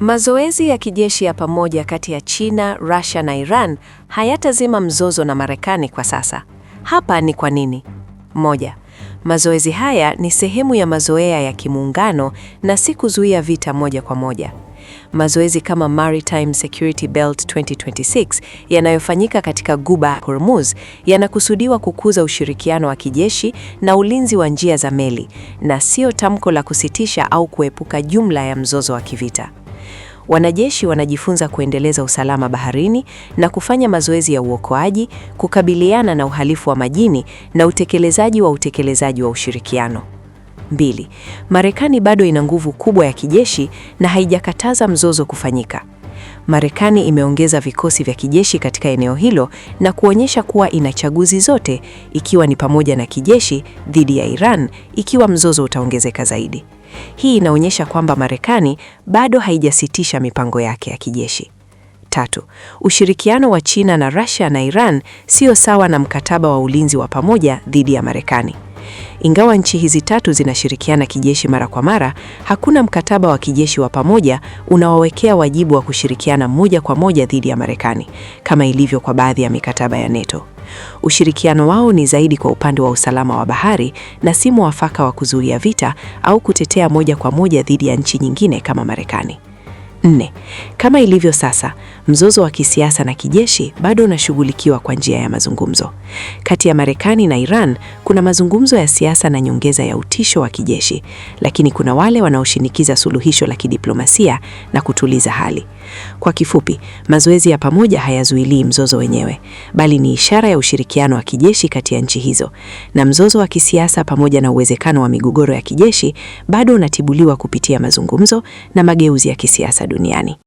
Mazoezi ya kijeshi ya pamoja kati ya China, Russia na Iran hayatazima mzozo na Marekani kwa sasa. Hapa ni kwa nini. Moja, mazoezi haya ni sehemu ya mazoea ya kimuungano na si kuzuia vita moja kwa moja. Mazoezi kama Maritime Security Belt 2026 yanayofanyika katika Guba Hormuz yanakusudiwa kukuza ushirikiano wa kijeshi na ulinzi wa njia za meli na sio tamko la kusitisha au kuepuka jumla ya mzozo wa kivita. Wanajeshi wanajifunza kuendeleza usalama baharini na kufanya mazoezi ya uokoaji, kukabiliana na uhalifu wa majini na utekelezaji wa utekelezaji wa ushirikiano. Mbili, Marekani bado ina nguvu kubwa ya kijeshi na haijakataza mzozo kufanyika. Marekani imeongeza vikosi vya kijeshi katika eneo hilo na kuonyesha kuwa ina chaguzi zote, ikiwa ni pamoja na kijeshi dhidi ya Iran ikiwa mzozo utaongezeka zaidi. Hii inaonyesha kwamba Marekani bado haijasitisha mipango yake ya kijeshi. Tatu, ushirikiano wa China na Russia na Iran sio sawa na mkataba wa ulinzi wa pamoja dhidi ya Marekani. Ingawa nchi hizi tatu zinashirikiana kijeshi mara kwa mara, hakuna mkataba wa kijeshi wa pamoja unaowekea wajibu wa kushirikiana moja kwa moja dhidi ya Marekani kama ilivyo kwa baadhi ya mikataba ya NATO. Ushirikiano wao ni zaidi kwa upande wa usalama wa bahari na si mwafaka wa kuzuia vita au kutetea moja kwa moja dhidi ya nchi nyingine kama Marekani. Nne, kama ilivyo sasa, mzozo wa kisiasa na kijeshi bado unashughulikiwa kwa njia ya mazungumzo. Kati ya Marekani na Iran kuna mazungumzo ya siasa na nyongeza ya utisho wa kijeshi, lakini kuna wale wanaoshinikiza suluhisho la kidiplomasia na kutuliza hali. Kwa kifupi, mazoezi ya pamoja hayazuilii mzozo wenyewe, bali ni ishara ya ushirikiano wa kijeshi kati ya nchi hizo. Na mzozo wa kisiasa pamoja na uwezekano wa migogoro ya kijeshi bado unatibuliwa kupitia mazungumzo na mageuzi ya kisiasa duniani.